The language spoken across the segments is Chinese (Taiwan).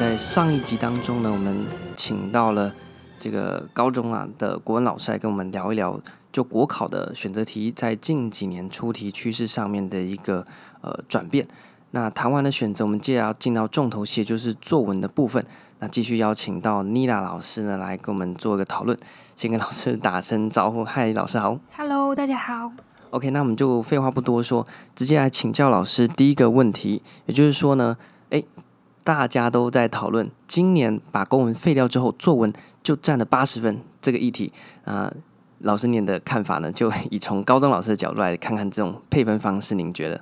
在上一集當中呢，我們請到了這個高中啊的國文老師來跟我們聊一聊，就國考的選擇題在近幾年出題趨勢上面的一個呃轉變。那談完的選擇，我們接下來要進到重頭戲，就是作文的部分。那繼續邀請到妮娜老師呢來跟我們做一個討論。先跟老師打聲招呼，嗨，老師好。Hello，大家好。OK，那我們就廢話不多說，直接來請教老師第一個問題，也就是說呢，誒、欸……大家都在討論今年把公文廢掉之後，作文就佔了八十分這個議題啊、呃。老師您的看法呢？就以從高中老師的角度來看看這種配分方式，您覺得？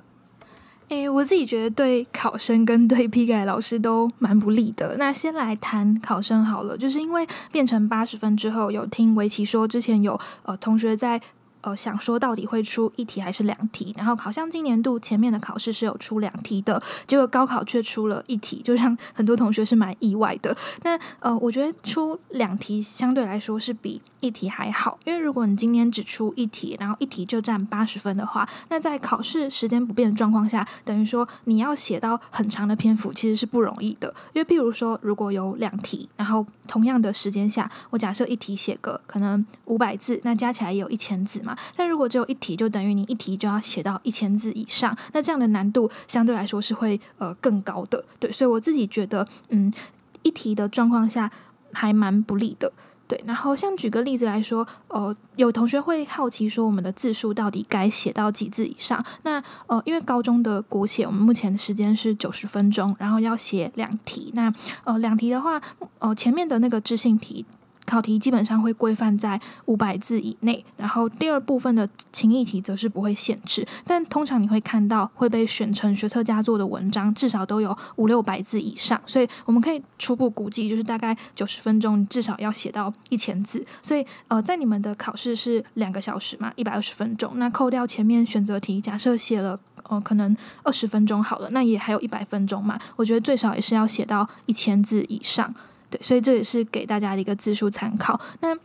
誒、欸，我自己覺得對考生跟對批改老師都蠻不利的。那先來談考生好了，就是因為變成八十分之後，有聽圍棋說之前有呃同學在。呃，想說到底會出一題還是兩題？然後好像今年度前面的考試是有出兩題的，結果高考卻出了一題，就讓很多同學是蠻意外的。那呃，我覺得出兩題相對來說是比一題還好，因為如果你今年只出一題，然後一題就佔八十分的話，那在考試時間不變的狀況下，等於說你要寫到很長的篇幅其實是不容易的。因為譬如說如果有兩題，然後。同樣的時間下，我假設一題寫個可能五百字，那加起來也有一千字嘛。但如果只有一題，就等於你一題就要寫到一千字以上，那這樣的難度相對來說是會呃更高的。對，所以我自己覺得，嗯，一題的狀況下還蠻不利的。對，然後像舉個例子來說，呃，有同學會好奇說，我們的字數到底該寫到幾字以上？那呃，因為高中的國寫，我們目前的時間是九十分鐘，然後要寫兩題。那呃，兩題的話，呃，前面的那個知性題。考題基本上會規範在五百字以內，然後第二部分的情意題則是不會限制，但通常你會看到會被選成學測佳作的文章至少都有五六百字以上，所以我們可以初步估計就是大概九十分鐘至少要寫到一千字，所以呃，在你們的考試是兩個小時嘛，一百二十分鐘，那扣掉前面選擇題，假設寫了呃可能二十分鐘好了，那也還有一百分鐘嘛，我覺得最少也是要寫到一千字以上。對，所以這也是給大家的一個字數參考。那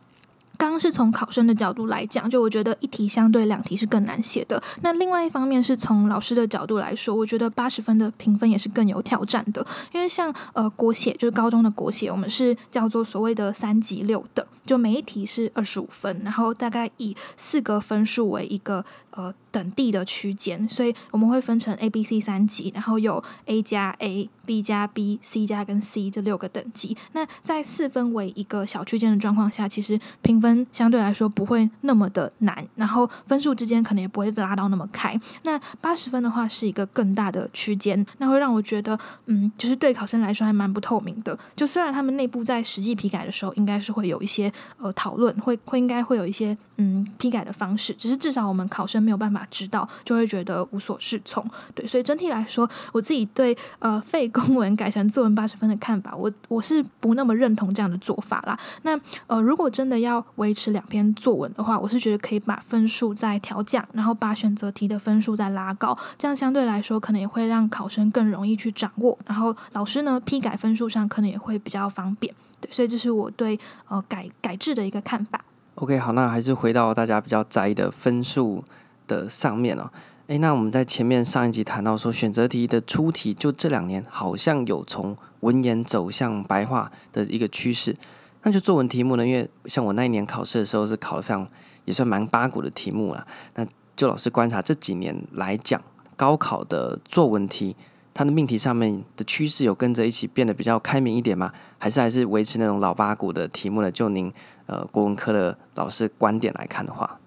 剛剛是從考生的角度來講，就我覺得一題相對兩題是更難寫的。那另外一方面是從老師的角度來說，我覺得八十分的評分也是更有挑戰的，因為像呃國寫，就是高中的國寫，我們是叫做所謂的三級六等的。就每一題是二十五分，然後大概以四個分數為一個呃等第的區間，所以我們會分成 A、B、C 三級，然後有 A 加 A B、B 加 B、C 加跟 C 這六個等級。那在四分為一個小區間的狀況下，其實評分相對來說不會那麼的難，然後分數之間可能也不會拉到那麼開。那八十分的話是一個更大的區間，那會讓我覺得，嗯，就是對考生來說還蠻不透明的。就雖然他們內部在實際批改的時候應該是會有一些。呃，討論會會應該會有一些嗯批改的方式，只是至少我們考生沒有辦法知道，就會覺得無所適從。對，所以整體來說，我自己對呃廢公文改成作文八十分的看法，我我是不那麼認同這樣的做法啦。那呃，如果真的要維持兩篇作文的話，我是覺得可以把分數再調降，然後把選擇題的分數再拉高，這樣相對來說可能也會讓考生更容易去掌握，然後老師呢批改分數上可能也會比較方便。所以，這是我對呃改改制的一個看法。OK，好，那還是回到大家比較在意的分數的上面了、哦。哎，那我們在前面上一集談到說，選擇題的出題就這兩年好像有從文言走向白話的一個趨勢。那就作文題目呢，因為像我那一年考試的時候是考得非常也算蠻八股的題目啦。那就老師觀察這幾年來講，高考的作文題。他的命題上面的趨勢有跟着一起變得比較開明一點嗎？還是還是維持那種老八股的題目呢？就您呃國文科的老師觀點來看的話。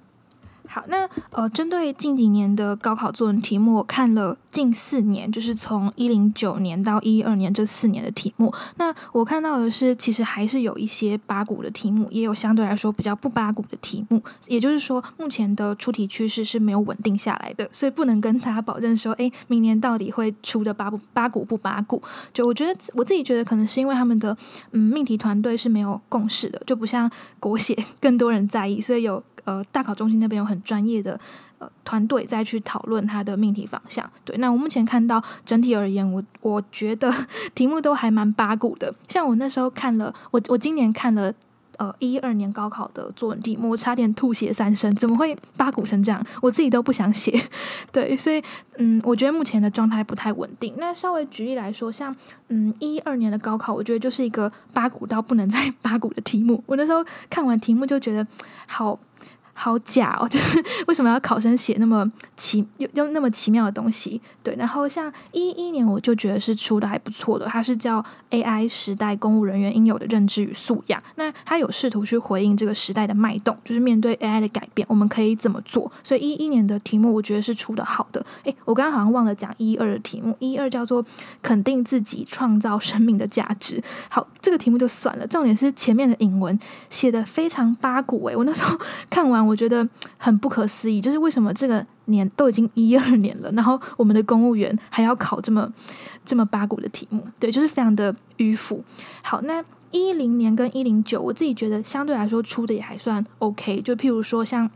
好，那呃，針對近幾年的高考作文題目，我看了近四年，就是從一零九年到一一二年這四年的題目。那我看到的是，其實還是有一些八股的題目，也有相對來說比較不八股的題目。也就是說，目前的出題趨勢是沒有穩定下來的，所以不能跟大家保證說，欸，明年到底會出的八不八股不八股。就我覺得，我自己覺得可能是因為他們的嗯命題團隊是沒有共識的，就不像國寫更多人在意，所以有。呃，大考中心那邊有很專業的呃團隊在去討論它的命題方向。對，那我目前看到整體而言，我我覺得題目都還蠻八股的。像我那時候看了，我我今年看了呃，一一二年高考的作文題目，我差點吐血三升，怎麼會八股成這樣？我自己都不想寫。對，所以嗯，我覺得目前的狀態不太穩定。那稍微舉例來說，像嗯，一一二年的高考，我覺得就是一個八股到不能再八股的題目。我那時候看完題目就覺得好。好假哦！就是為什麼要考生寫那麼奇又又那麼奇妙的東西？對，然後像一一年，我就覺得是出的還不錯的，它是叫《AI 時代公務人員應有的認知與素養》。那他有試圖去回應這個時代的脈動，就是面對 AI 的改變，我們可以怎麼做？所以一一年的題目，我覺得是出的好的。哎，我剛剛好像忘了講一二的題目，一二叫做“肯定自己，創造生命的價值”。好，這個題目就算了。重點是前面的引文寫的非常八股、欸。哎，我那時候看完。我覺得很不可思議，就是為什麼這個年都已經一二年了，然後我們的公務員還要考這麼這麼八股的題目？對，就是非常的迂腐。好，那一零年跟一零九，我自己覺得相對來說出的也還算 OK，就譬如說像。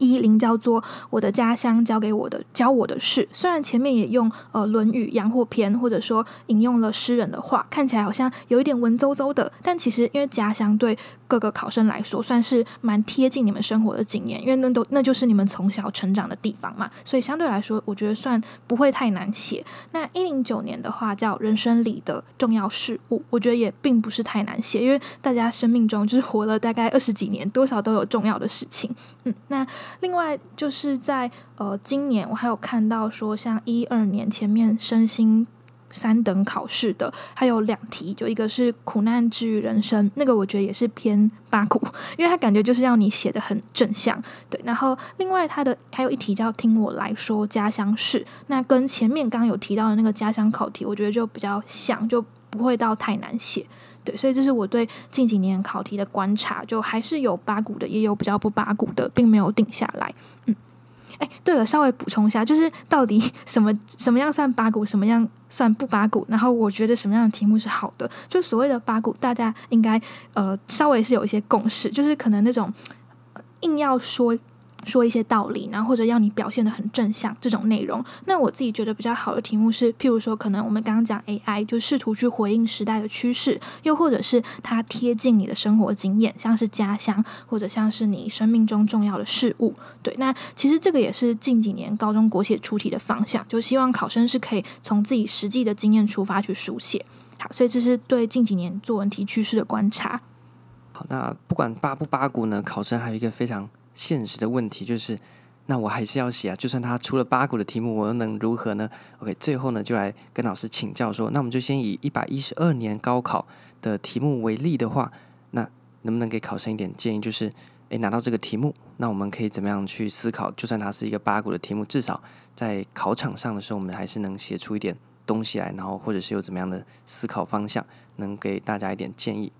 一零叫做我的家鄉，教給我的教我的事。雖然前面也用呃《論語》“陽貨篇”或者說引用了詩人的話，看起來好像有一點文縐縐的，但其實因為家鄉對各個考生來說算是蠻貼近你們生活的經驗，因為那都那就是你們從小成長的地方嘛，所以相對來說，我覺得算不會太難寫。那一零九年的話，叫人生裡的重要事物，我覺得也並不是太難寫，因為大家生命中就是活了大概二十幾年，多少都有重要的事情。嗯，那。另外就是在呃今年，我還有看到說像一二年前面身心三等考試的，還有兩題，就一個是苦難之於人生，那個我覺得也是偏八股，因為它感覺就是要你寫得很正向，對。然後另外它的還有一題叫聽我來說家鄉事，那跟前面剛剛有提到的那個家鄉考題，我覺得就比較像，就不會到太難寫。對，所以這是我對近幾年考題的觀察，就還是有八股的，也有比較不八股的，並沒有定下來。嗯，誒，對了，稍微補充一下，就是到底什麼什麼樣算八股，什麼樣算不八股？然後我覺得什麼樣的題目是好的，就所謂的八股，大家應該呃稍微是有一些共識，就是可能那種硬要說。說一些道理，然後或者要你表現得很正向這種內容。那我自己覺得比較好的題目是，譬如說，可能我們剛剛講 AI，就試圖去回應時代的趨勢，又或者是它貼近你的生活經驗，像是家鄉，或者像是你生命中重要的事物。對，那其實這個也是近幾年高中國寫出題的方向，就希望考生是可以從自己實際的經驗出發去書寫。好，所以這是對近幾年作文題趨勢的觀察。好，那不管八不八股呢，考生還有一個非常。現實的問題就是，那我還是要寫啊。就算他出了八股的題目，我又能如何呢？OK，最後呢，就來跟老師請教說，那我們就先以一百一十二年高考的題目為例的話，那能不能給考生一點建議？就是，哎、欸，拿到這個題目，那我們可以怎麼樣去思考？就算它是一個八股的題目，至少在考場上的時候，我們還是能寫出一點東西來，然後或者是有怎麼樣的思考方向，能給大家一點建議。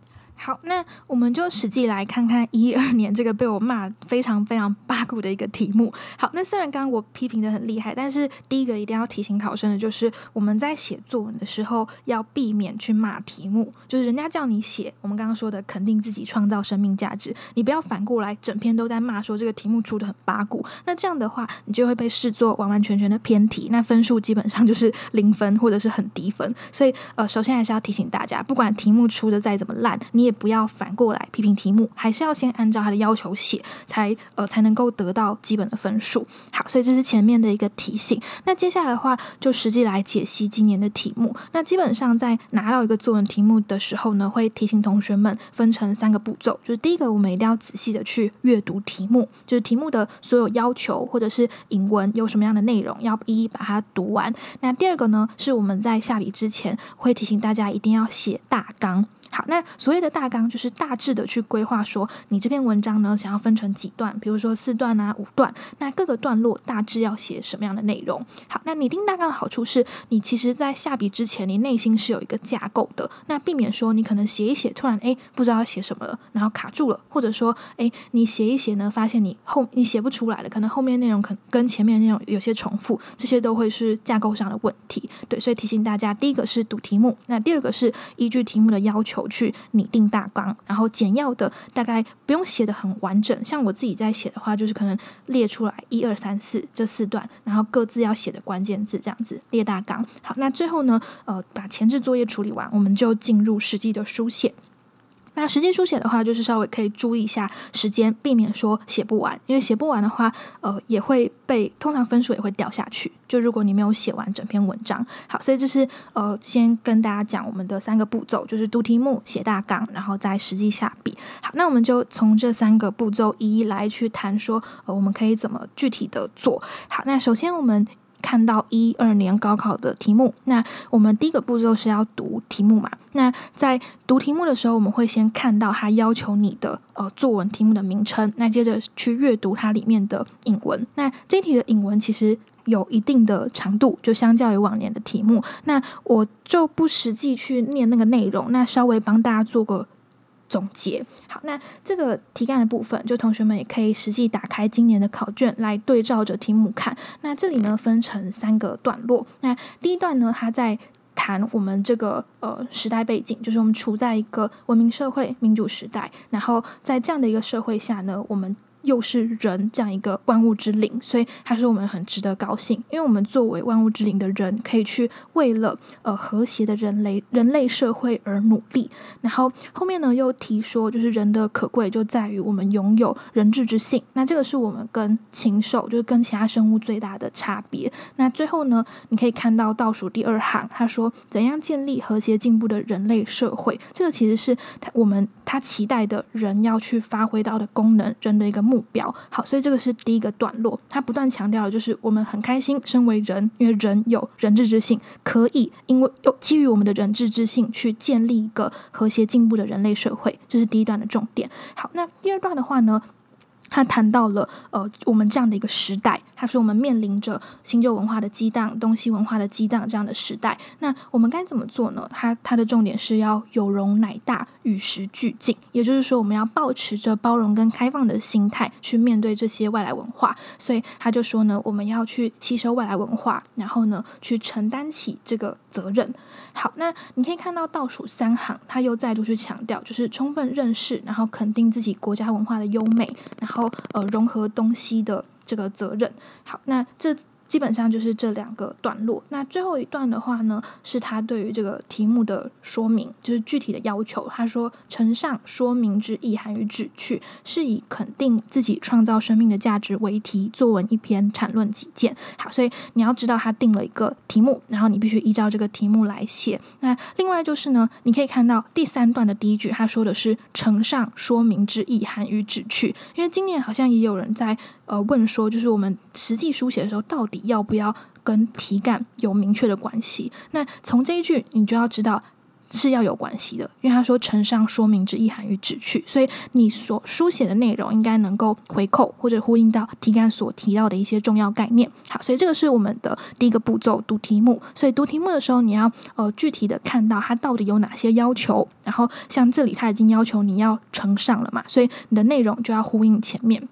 好，那我們就實際來看看112年這個被我罵非常非常八股的一個題目。好，那雖然剛剛我批評得很厲害，但是第一個一定要提醒考生的就是，我們在寫作文的時候要避免去罵題目，就是人家叫你寫，我們剛剛說的肯定自己創造生命價值，你不要反過來整篇都在罵，說這個題目出得很八股。那這樣的話，你就會被視作完完全全的偏題，那分數基本上就是零分或者是很低分。所以呃，首先還是要提醒大家，不管題目出得再怎麼爛，你也不要反過來批評題目，還是要先按照他的要求寫，才呃才能夠得到基本的分數。好，所以這是前面的一個提醒。那接下來的話，就實際來解析今年的題目。那基本上在拿到一個作文題目的時候呢，會提醒同學們分成三個步驟，就是第一個，我們一定要仔細的去閱讀題目，就是題目的所有要求或者是引文有什麼樣的內容，要不一一把它讀完。那第二個呢，是我們在下筆之前會提醒大家一定要寫大綱。好，那所謂的大綱就是大致的去規劃，說你這篇文章呢，想要分成幾段，比如說四段啊、五段，那各個段落大致要寫什麼樣的內容。好，那擬定大綱的好處是，你其實，在下筆之前，你內心是有一個架構的，那避免說你可能寫一寫，突然哎不知道要寫什麼了，然後卡住了，或者說哎你寫一寫呢，發現你後你寫不出來了，可能後面內容可跟前面內容有些重複，這些都會是架構上的問題。對，所以提醒大家，第一個是讀題目，那第二個是依據題目的要求。去擬定大綱，然後簡要的大概不用寫的很完整。像我自己在寫的話，就是可能列出來一二三四這四段，然後各自要寫的關鍵字這樣子列大綱。好，那最後呢，呃，把前置作業處理完，我們就進入實際的書寫。那實際書寫的話，就是稍微可以注意一下時間，避免說寫不完。因為寫不完的話，呃，也會被通常分數也會掉下去。就如果你沒有寫完整篇文章，好，所以這是呃，先跟大家講我們的三個步驟，就是讀題目、寫大綱，然後再實際下筆。好，那我們就從這三個步驟一一來去談說，呃，我們可以怎麼具體的做。好，那首先我們。看到一二年高考的題目，那我們第一個步驟是要讀題目嘛？那在讀題目的時候，我們會先看到它要求你的呃作文題目的名稱，那接着去閱讀它裡面的引文。那這題的引文其實有一定的長度，就相較於往年的題目，那我就不實際去念那個內容，那稍微幫大家做個。總結好，那這個題幹的部分，就同學們也可以實際打開今年的考卷來對照着題目看。那這裡呢，分成三個段落，那第一段呢，他在談我們這個呃時代背景，就是我們處在一個文明社會、民主時代，然後在這樣的一個社會下呢，我們。又是人，這樣一個萬物之靈，所以他說我們很值得高興，因為我們作為萬物之靈的人，可以去為了呃和諧的人類人類社會而努力。然後後面呢又提說，就是人的可貴就在於我們擁有仁智之性，那這個是我們跟禽獸就是跟其他生物最大的差別。那最後呢，你可以看到倒數第二行，他說怎樣建立和諧進步的人類社會，這個其實是他我們他期待的人要去發揮到的功能，人的一個目標。好，所以這個是第一個段落，他不斷強調的就是我們很開心，身為人，因為人有仁智之性，可以因為又基於我們的仁智之性去建立一個和諧進步的人類社會，這、就是第一段的重點。好，那第二段的話呢？他談到了呃，我們這樣的一個時代，他說我們面臨着新舊文化的激盪、東西文化的激盪這樣的時代。那我們該怎麼做呢？他他的重點是要有容乃大、與時俱進，也就是說，我們要保持着包容跟開放的心態去面對這些外來文化。所以他就說呢，我們要去吸收外來文化，然後呢，去承擔起這個責任。好，那你可以看到倒數三行，他又再度去強調，就是充分認識，然後肯定自己國家文化的優美，然後呃融合東西的這個責任。好，那這。基本上就是這兩個段落。那最後一段的話呢，是他對於這個題目的說明，就是具體的要求。他說：“承上說明之意涵與旨趣，試以肯定自己創造生命的價值為題，作文一篇，闡論己見。好，所以你要知道他定了一個題目，然後你必須依照這個題目來寫。那另外就是呢，你可以看到第三段的第一句，他說的是“承上說明之意涵與旨趣”。因為今年好像也有人在。呃，問說就是我們實際書寫的時候，到底要不要跟題幹有明確的關係？那從這一句，你就要知道是要有關係的，因為他說“承上說明之意涵與旨趣”，所以你所書寫的內容應該能夠回扣或者呼應到題幹所提到的一些重要概念。好，所以這個是我們的第一個步驟，讀題目。所以讀題目的時候，你要呃具體的看到它到底有哪些要求。然後像這裡，他已經要求你要承上了嘛，所以你的內容就要呼應前面。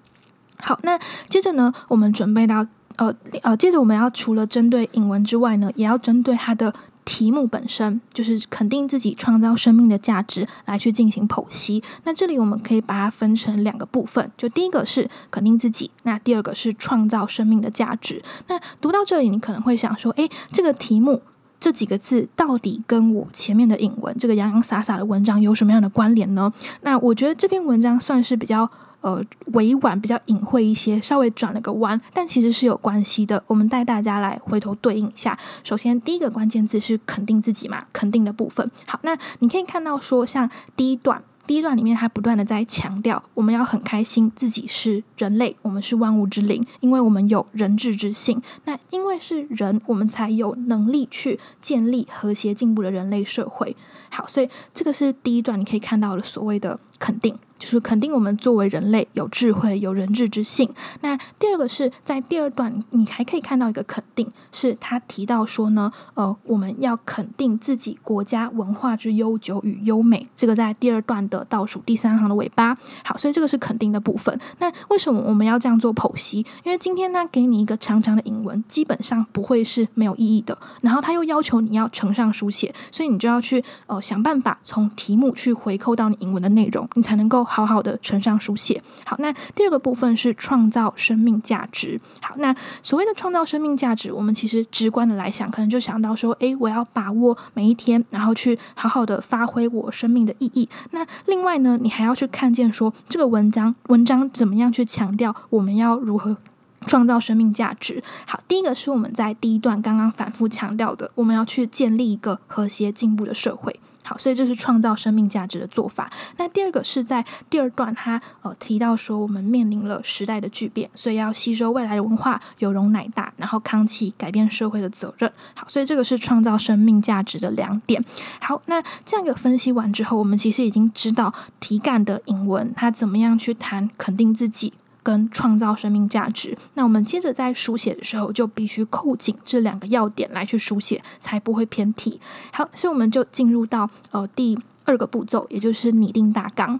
好，那接着呢，我們準備到呃呃，接着我們要除了針對引文之外呢，也要針對它的題目本身，就是肯定自己創造生命的價值來去進行剖析。那這裡我們可以把它分成兩個部分，就第一個是肯定自己，那第二個是創造生命的價值。那讀到這裡，你可能會想說，誒，這個題目這幾個字到底跟我前面的引文這個洋洋灑灑的文章有什麼樣的關聯呢？那我覺得這篇文章算是比較。呃，委婉比較隱晦一些，稍微轉了個彎，但其實是有關係的。我們帶大家來回頭對應一下。首先，第一個關鍵字是肯定自己嘛，肯定的部分。好，那你可以看到說，像第一段，第一段裡面它不斷的在強調，我們要很開心，自己是人類，我們是萬物之靈，因為我們有仁智之性。那因為是人，我們才有能力去建立和諧進步的人類社會。好，所以這個是第一段你可以看到的所謂的肯定。就是肯定我們作為人類有智慧、有仁智之性。那第二個是在第二段，你還可以看到一個肯定，是他提到說呢，呃，我們要肯定自己國家文化之悠久與優美。這個在第二段的倒數第三行的尾巴。好，所以這個是肯定的部分。那為什麼我們要這樣做剖析？因為今天呢，給你一個長長的引文，基本上不會是沒有意義的。然後他又要求你要承上書寫，所以你就要去呃想辦法從題目去回扣到你引文的內容，你才能夠。好好的承上書寫，好。那第二個部分是創造生命價值。好，那所謂的創造生命價值，我們其實直觀的來想，可能就想到說，哎、欸，我要把握每一天，然後去好好的發揮我生命的意義。那另外呢，你還要去看見說，這個文章文章怎麼樣去強調我們要如何創造生命價值？好，第一個是我們在第一段剛剛反覆強調的，我們要去建立一個和諧進步的社會。好，所以這是創造生命價值的做法。那第二個是在第二段他、他呃提到說，我們面臨了時代的巨變，所以要吸收外來的文化，有容乃大，然後扛起改變社會的責任。好，所以這個是創造生命價值的兩點。好，那這樣一個分析完之後，我們其實已經知道題幹的引文他怎麼樣去談肯定自己跟創造生命價值，那我們接着在書寫的時候就必須扣緊這兩個要點來去書寫，才不會偏題。好，所以我們就進入到呃第二個步驟，也就是擬定大綱。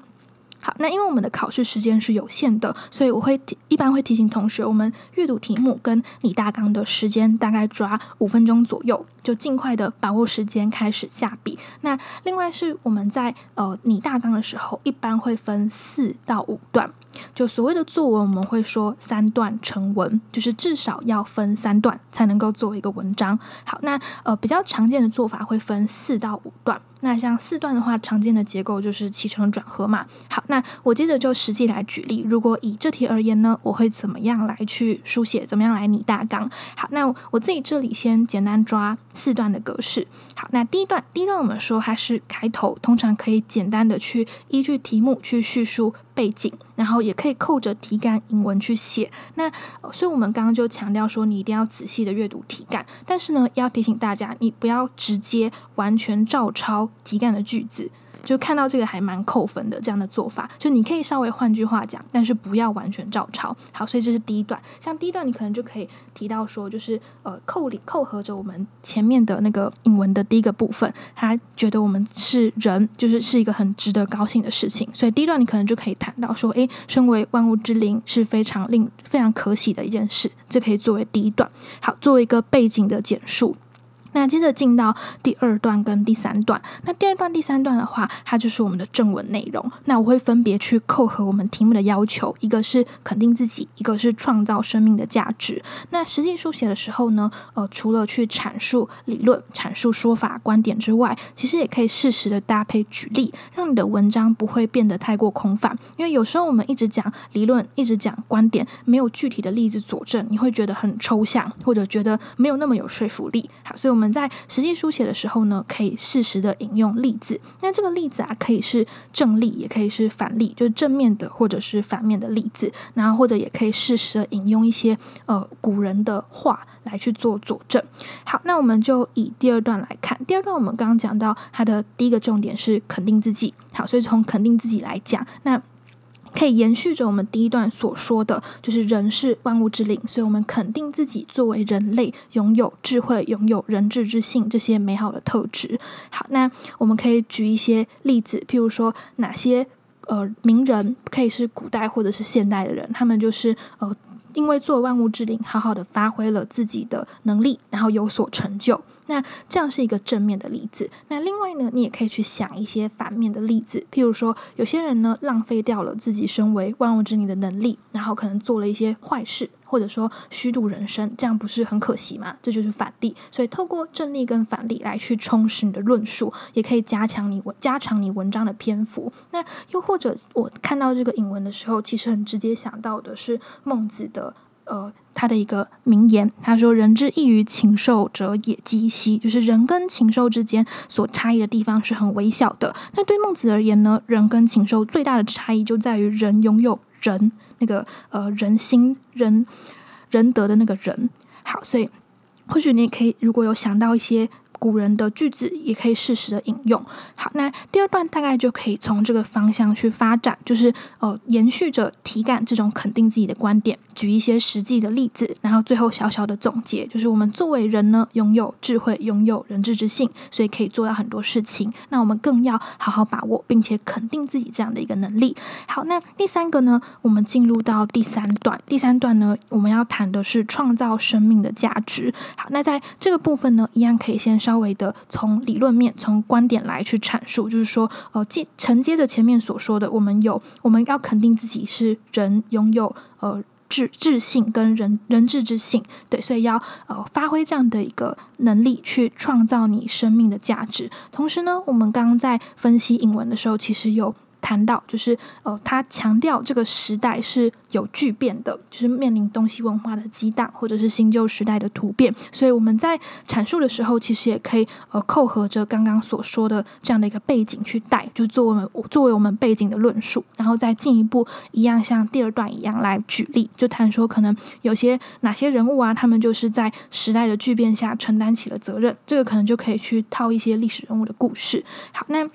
好，那因為我們的考試時間是有限的，所以我會提，一般會提醒同學，我們閱讀題目跟擬大綱的時間大概抓五分鐘左右。就儘快的把握時間開始下筆。那另外是我們在呃擬大綱的時候，一般會分四到五段。就所謂的作文，我們會說三段成文，就是至少要分三段才能夠作為一個文章。好，那呃比較常見的做法會分四到五段。那像四段的話，常見的結構就是起承轉合嘛。好，那我接着就實際來舉例。如果以這題而言呢，我會怎麼樣來去書寫？怎麼樣來擬大綱？好，那我自己這裡先簡單抓。四段的格式。好，那第一段，第一段我們說它是開頭，通常可以簡單的去依據題目去敘述背景，然後也可以扣着題幹引文去寫。那所以，我們剛剛就強調說，你一定要仔細的閱讀題幹，但是呢，要提醒大家，你不要直接完全照抄題幹的句子。就看到這個還蠻扣分的這樣的做法，就你可以稍微換句話講，但是不要完全照抄。好，所以這是第一段。像第一段你可能就可以提到說，就是呃扣里扣合着我們前面的那個引文的第一個部分，他覺得我們是人，就是是一個很值得高興的事情。所以第一段你可能就可以談到說，誒，身為萬物之靈是非常令非常可喜的一件事，這可以作為第一段。好，作為一個背景的簡述。那接着進到第二段跟第三段。那第二段、第三段的話，它就是我們的正文內容。那我會分別去扣合我們題目的要求，一個是肯定自己，一個是創造生命的價值。那實際書寫的時候呢，呃，除了去闡述理論、闡述說法、觀點之外，其實也可以適時的搭配舉例，讓你的文章不會變得太過空泛。因為有時候我們一直講理論，一直講觀點，沒有具體的例子佐證，你會覺得很抽象，或者覺得沒有那麼有說服力。好，所以，我。我們在實際書寫的時候呢，可以適時的引用例子。那這個例子啊，可以是正例，也可以是反例，就是正面的或者是反面的例子。然後或者也可以適時的引用一些呃古人的話來去做佐證。好，那我們就以第二段來看。第二段我們剛剛講到它的第一個重點是肯定自己。好，所以從肯定自己來講，那可以延續着我們第一段所說的，就是人是萬物之靈，所以我們肯定自己作為人類，擁有智慧，擁有仁智之性這些美好的特質。好，那我們可以舉一些例子，譬如說哪些呃名人，可以是古代或者是現代的人，他們就是呃因為做萬物之靈，好好的發揮了自己的能力，然後有所成就。那這樣是一個正面的例子。那另外呢，你也可以去想一些反面的例子，譬如說，有些人呢浪費掉了自己身為萬物之靈的能力，然後可能做了一些壞事，或者說虛度人生，這樣不是很可惜嗎？這就是反例。所以，透過正例跟反例來去充實你的論述，也可以加強你文，加長你文章的篇幅。那又或者我看到這個引文的時候，其實很直接想到的是孟子的。呃，他的一個名言，他說：“人之異於禽獸者也，幾希，就是人跟禽獸之間所差異的地方是很微小的。那對孟子而言呢，人跟禽獸最大的差異就在於人擁有人那個呃人心仁仁德的那個人。好，所以或許你也可以，如果有想到一些。”古人的句子也可以適時的引用。好，那第二段大概就可以從這個方向去發展，就是呃，延續着題幹這種肯定自己的觀點，舉一些實際的例子，然後最後小小的總結，就是我們作為人呢，擁有智慧，擁有仁智之性，所以可以做到很多事情。那我們更要好好把握，並且肯定自己這樣的一個能力。好，那第三個呢，我們進入到第三段。第三段呢，我們要談的是創造生命的價值。好，那在這個部分呢，一樣可以先上。稍微的從理論面、從觀點來去闡述，就是說，呃，接承接着前面所說的，我們有我們要肯定自己是人，擁有呃智智性跟人人仁智之性，對，所以要呃發揮這樣的一個能力去創造你生命的價值。同時呢，我們剛剛在分析引文的時候，其實有。談到就是呃，他強調這個時代是有巨變的，就是面臨東西文化的激盪，或者是新舊時代的突變。所以我們在闡述的時候，其實也可以呃扣合着剛剛所說的這樣的一個背景去帶，就作為我作為我們背景的論述，然後再進一步，一樣像第二段一樣來舉例，就談說可能有些哪些人物啊，他們就是在時代的巨變下承擔起了責任。這個可能就可以去套一些歷史人物的故事。好，那。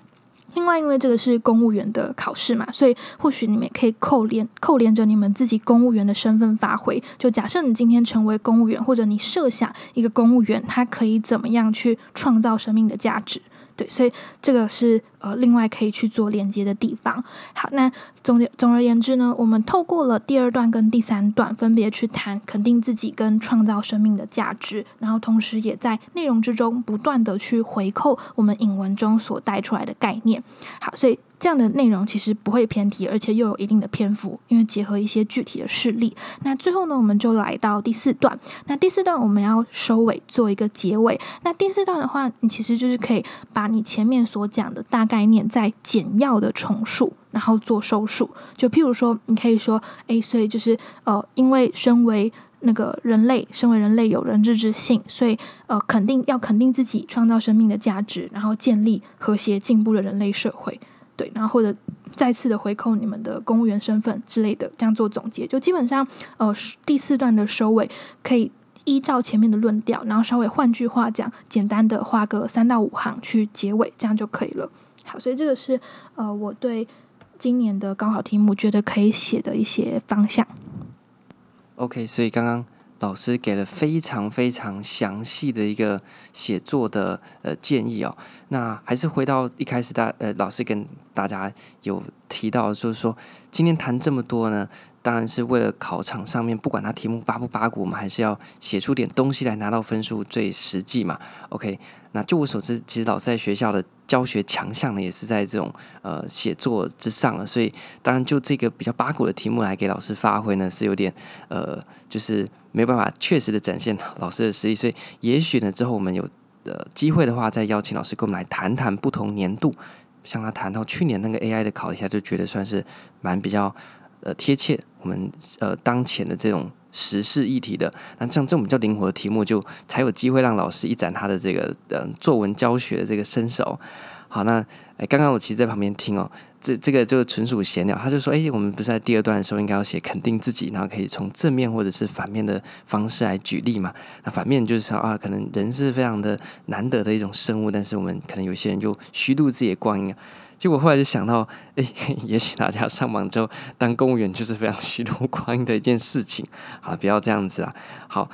另外，因為這個是公務員的考試嘛，所以或許你們也可以扣連扣連着你們自己公務員的身份發揮。就假設你今天成為公務員，或者你設想一個公務員，他可以怎麼樣去創造生命的價值？對，所以這個是。呃，另外可以去做連接的地方。好，那總總而言之呢，我們透過了第二段跟第三段分別去談肯定自己跟創造生命的價值，然後同時也在內容之中不斷的去回扣我們引文中所帶出來的概念。好，所以這樣的內容其實不會偏題，而且又有一定的篇幅，因為結合一些具體的事例。那最後呢，我們就來到第四段。那第四段我們要收尾做一個結尾。那第四段的話，你其實就是可以把你前面所講的大概。概念再簡要的重述，然後做收束。就譬如說，你可以說：哎，所以就是呃，因為身為那個人類，身為人類有仁智之性，所以呃，肯定要肯定自己創造生命的價值，然後建立和諧進步的人類社會。對，然後或者再次的回扣你們的公務員身份之類的，這樣做總結。就基本上呃，第四段的收尾可以依照前面的論調，然後稍微換句話講，簡單的畫個三到五行去結尾，這樣就可以了。好，所以這個是呃，我對今年的高考題目覺得可以寫的一些方向。OK，所以剛剛老師給了非常非常詳細的一個寫作的呃建議哦。那還是回到一開始大呃老師跟大家有提到，就是說今天談這麼多呢。當然是為了考場上面，不管他題目八不八股嘛，我們還是要寫出點東西來拿到分數最實際嘛。OK，那據我所知，其實老師在學校的教學強項呢也是在這種呃寫作之上了，所以當然就這個比較八股的題目來給老師發揮呢是有點呃就是沒辦法確實的展現老師的實力，所以也許呢之後我們有呃機會的話，再邀請老師跟我們來談談不同年度，像他談到去年那個 AI 的考題下，就覺得算是蠻比較呃貼切，我們呃，當前的這種時事議題的，那像這種比較靈活的題目，就才有機會讓老師一展他的這個呃作文教學的這個身手。好，那誒，剛剛我其實，在旁邊聽哦，這這個就純屬閒聊。他就說，誒，我們不是在第二段的時候應該要寫肯定自己，然後可以從正面或者是反面的方式來舉例嘛？那反面就是說啊，可能人是非常的難得的一種生物，但是我們可能有些人就虛度自己的光陰啊。就我後來就想到，哎、欸，也許大家上榜之後當公務員就是非常虛度光陰的一件事情。好了，不要這樣子啊，好，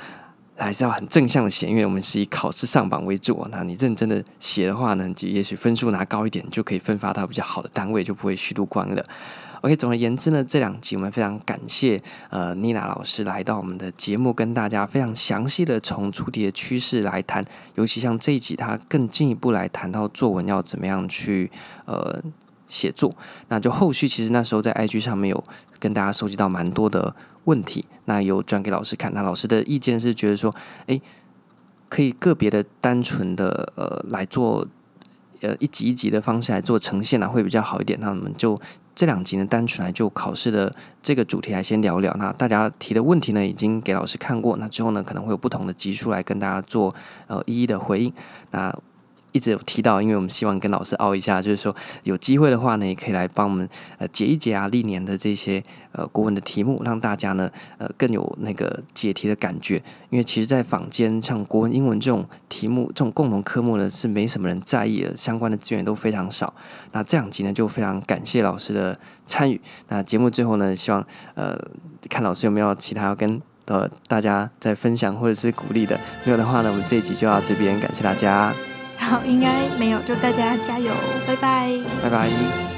還是要很正向的寫，因為我們是以考試上榜為主，那你認真的寫的話呢，就也許分數拿高一點，就可以分發到比較好的單位，就不會虛度光陰了。OK，總而言之呢，這兩集我們非常感謝呃妮娜老師來到我們的節目，跟大家非常詳細的從出題的趨勢來談，尤其像這一集，他更進一步來談到作文要怎麼樣去呃寫作。那就後續其實那時候在 IG 上面有跟大家收集到蠻多的問題，那有轉給老師看，那老師的意見是覺得說，誒，可以個別的、單純的呃來做呃一集一集的方式來做呈現呢、啊，會比較好一點。那我們就。這兩集呢，單純來就考試的這個主題來先聊聊。那大家提的問題呢，已經給老師看過。那之後呢，可能會有不同的集數來跟大家做呃一一的回應。那。一直有提到，因為我們希望跟老師凹一下，就是說有機會的話呢，也可以來幫我們呃解一解啊歷年的這些呃國文的題目，讓大家呢呃更有那個解題的感覺。因為其實，在坊間像國文、英文這種題目，這種共同科目呢，是沒什麼人在意的，相關的資源都非常少。那這兩集呢，就非常感謝老師的參與。那節目最後呢，希望呃看老師有沒有其他要跟呃大家再分享或者是鼓勵的，沒有的話呢，我們這一集就到這邊，感謝大家。好，應該沒有，就大家加油，拜拜，拜拜。